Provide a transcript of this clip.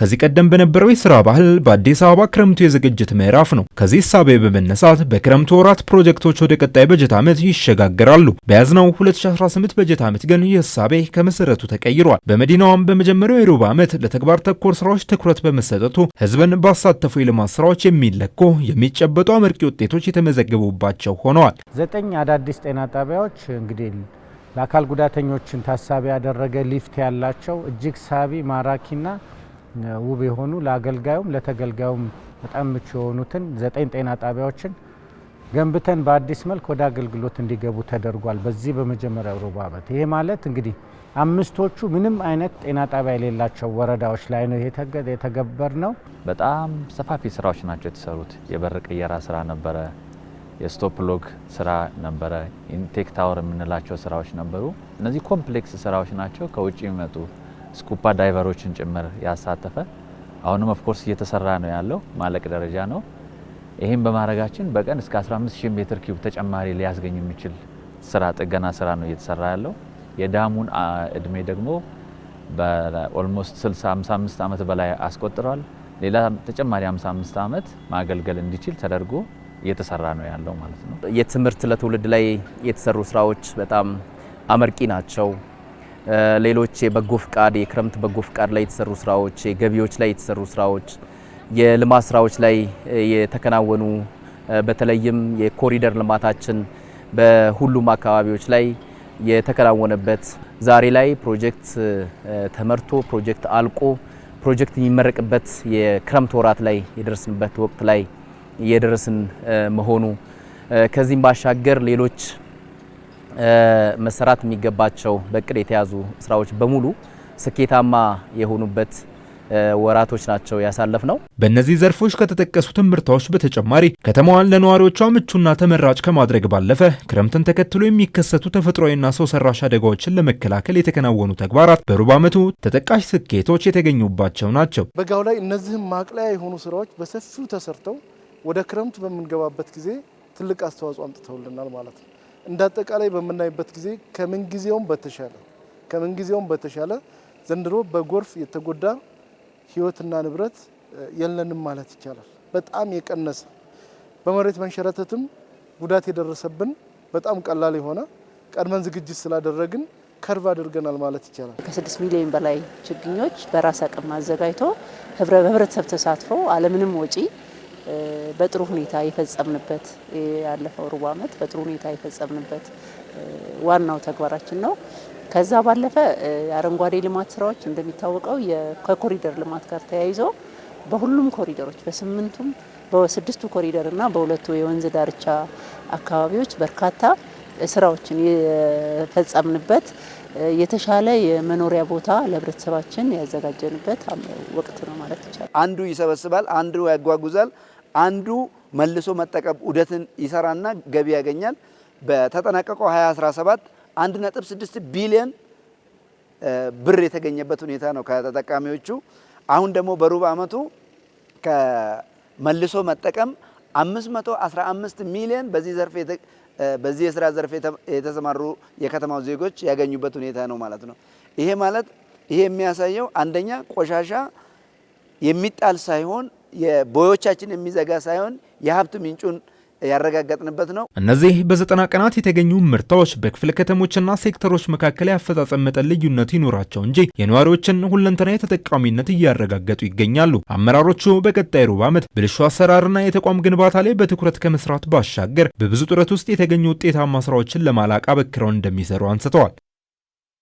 ከዚህ ቀደም በነበረው የስራ ባህል በአዲስ አበባ ክረምቱ የዝግጅት ምዕራፍ ነው። ከዚህ እሳቤ በመነሳት በክረምቱ ወራት ፕሮጀክቶች ወደ ቀጣይ በጀት ዓመት ይሸጋገራሉ። በያዝነው 2018 በጀት ዓመት ግን ይህ እሳቤ ከመሰረቱ ተቀይሯል። በመዲናዋም በመጀመሪያው የሩብ ዓመት ለተግባር ተኮር ስራዎች ትኩረት በመሰጠቱ ህዝብን ባሳተፉ የልማት ስራዎች የሚለኩ የሚጨበጡ አመርቂ ውጤቶች የተመዘገቡባቸው ሆነዋል። ዘጠኝ አዳዲስ ጤና ጣቢያዎች እንግዲህ ለአካል ጉዳተኞችን ታሳቢ ያደረገ ሊፍት ያላቸው እጅግ ሳቢ ማራኪና ውብ የሆኑ ለአገልጋዩም ለተገልጋዩም በጣም ምቹ የሆኑትን ዘጠኝ ጤና ጣቢያዎችን ገንብተን በአዲስ መልክ ወደ አገልግሎት እንዲገቡ ተደርጓል። በዚህ በመጀመሪያው ሩብ ዓመት ይሄ ማለት እንግዲህ አምስቶቹ ምንም አይነት ጤና ጣቢያ የሌላቸው ወረዳዎች ላይ ነው የተገበር ነው። በጣም ሰፋፊ ስራዎች ናቸው የተሰሩት። የበር ቅየራ ስራ ነበረ፣ የስቶፕ ሎክ ስራ ነበረ፣ ኢንቴክ ታወር የምንላቸው ስራዎች ነበሩ። እነዚህ ኮምፕሌክስ ስራዎች ናቸው። ከውጭ የሚመጡ ስኩፓ ዳይቨሮችን ጭምር ያሳተፈ አሁንም ኦፍኮርስ እየተሰራ ነው ያለው፣ ማለቅ ደረጃ ነው። ይህም በማድረጋችን በቀን እስከ 15000 ሜትር ኪዩብ ተጨማሪ ሊያስገኝ የሚችል ስራ ጥገና ስራ ነው እየተሰራ ያለው። የዳሙን እድሜ ደግሞ በኦልሞስት 60 55 ዓመት በላይ አስቆጥሯል። ሌላ ተጨማሪ 55 ዓመት ማገልገል እንዲችል ተደርጎ እየተሰራ ነው ያለው ማለት ነው። የትምህርት ለትውልድ ላይ የተሰሩ ስራዎች በጣም አመርቂ ናቸው። ሌሎች የበጎ ፍቃድ የክረምት በጎ ፍቃድ ላይ የተሰሩ ስራዎች፣ የገቢዎች ላይ የተሰሩ ስራዎች፣ የልማት ስራዎች ላይ የተከናወኑ በተለይም የኮሪደር ልማታችን በሁሉም አካባቢዎች ላይ የተከናወነበት ዛሬ ላይ ፕሮጀክት ተመርቶ ፕሮጀክት አልቆ ፕሮጀክት የሚመረቅበት የክረምት ወራት ላይ የደረስንበት ወቅት ላይ የደረስን መሆኑ ከዚህም ባሻገር ሌሎች መሰራት የሚገባቸው በእቅድ የተያዙ ስራዎች በሙሉ ስኬታማ የሆኑበት ወራቶች ናቸው ያሳለፍ ነው። በእነዚህ ዘርፎች ከተጠቀሱ ትምህርታዎች በተጨማሪ ከተማዋን ለነዋሪዎቿ ምቹና ተመራጭ ከማድረግ ባለፈ ክረምትን ተከትሎ የሚከሰቱ ተፈጥሯዊና ሰው ሰራሽ አደጋዎችን ለመከላከል የተከናወኑ ተግባራት በሩብ ዓመቱ ተጠቃሽ ስኬቶች የተገኙባቸው ናቸው። በጋው ላይ እነዚህም ማቅለያ የሆኑ ስራዎች በሰፊው ተሰርተው ወደ ክረምት በምንገባበት ጊዜ ትልቅ አስተዋጽኦ አምጥተውልናል ማለት ነው። እንደ አጠቃላይ በምናይበት ጊዜ ከምንጊዜውም በተሻለ ከምንጊዜውም በተሻለ ዘንድሮ በጎርፍ የተጎዳ ህይወትና ንብረት የለንም ማለት ይቻላል። በጣም የቀነሰ በመሬት መንሸረተትም ጉዳት የደረሰብን በጣም ቀላል የሆነ ቀድመን ዝግጅት ስላደረግን ከርቭ አድርገናል ማለት ይቻላል። ከስድስት ሚሊዮን በላይ ችግኞች በራስ አቅም አዘጋጅቶ በህብረተሰብ ተሳትፎ አለምንም ወጪ በጥሩ ሁኔታ የፈጸምንበት ያለፈው ሩብ ዓመት በጥሩ ሁኔታ የፈጸምንበት ዋናው ተግባራችን ነው። ከዛ ባለፈ የአረንጓዴ ልማት ስራዎች እንደሚታወቀው ከኮሪደር ልማት ጋር ተያይዞ በሁሉም ኮሪደሮች በስምንቱም በስድስቱ ኮሪደር እና በሁለቱ የወንዝ ዳርቻ አካባቢዎች በርካታ ስራዎችን የፈጸምንበት የተሻለ የመኖሪያ ቦታ ለህብረተሰባችን ያዘጋጀንበት ወቅት ነው ማለት ይቻላል። አንዱ ይሰበስባል፣ አንዱ ያጓጉዛል። አንዱ መልሶ መጠቀም ዑደትን ይሰራና ገቢ ያገኛል። በተጠናቀቀው 2017 1.6 ቢሊዮን ብር የተገኘበት ሁኔታ ነው ከተጠቃሚዎቹ። አሁን ደግሞ በሩብ ዓመቱ ከመልሶ መጠቀም 515 ሚሊዮን በዚህ ዘርፍ በዚህ የስራ ዘርፍ የተሰማሩ የከተማው ዜጎች ያገኙበት ሁኔታ ነው ማለት ነው። ይሄ ማለት ይሄ የሚያሳየው አንደኛ ቆሻሻ የሚጣል ሳይሆን የቦዮቻችን የሚዘጋ ሳይሆን የሀብት ምንጩን ያረጋገጥንበት ነው። እነዚህ በዘጠና ቀናት የተገኙ ምርታዎች በክፍለ ከተሞችና ሴክተሮች መካከል ያፈጻጸም መጠን ልዩነት ይኖራቸው እንጂ የነዋሪዎችን ሁለንተና ተጠቃሚነት እያረጋገጡ ይገኛሉ። አመራሮቹ በቀጣይ ሩብ ዓመት ብልሹ አሰራርና የተቋም ግንባታ ላይ በትኩረት ከመስራት ባሻገር በብዙ ጥረት ውስጥ የተገኙ ውጤታማ ስራዎችን ለማላቅ አበክረው እንደሚሰሩ አንስተዋል።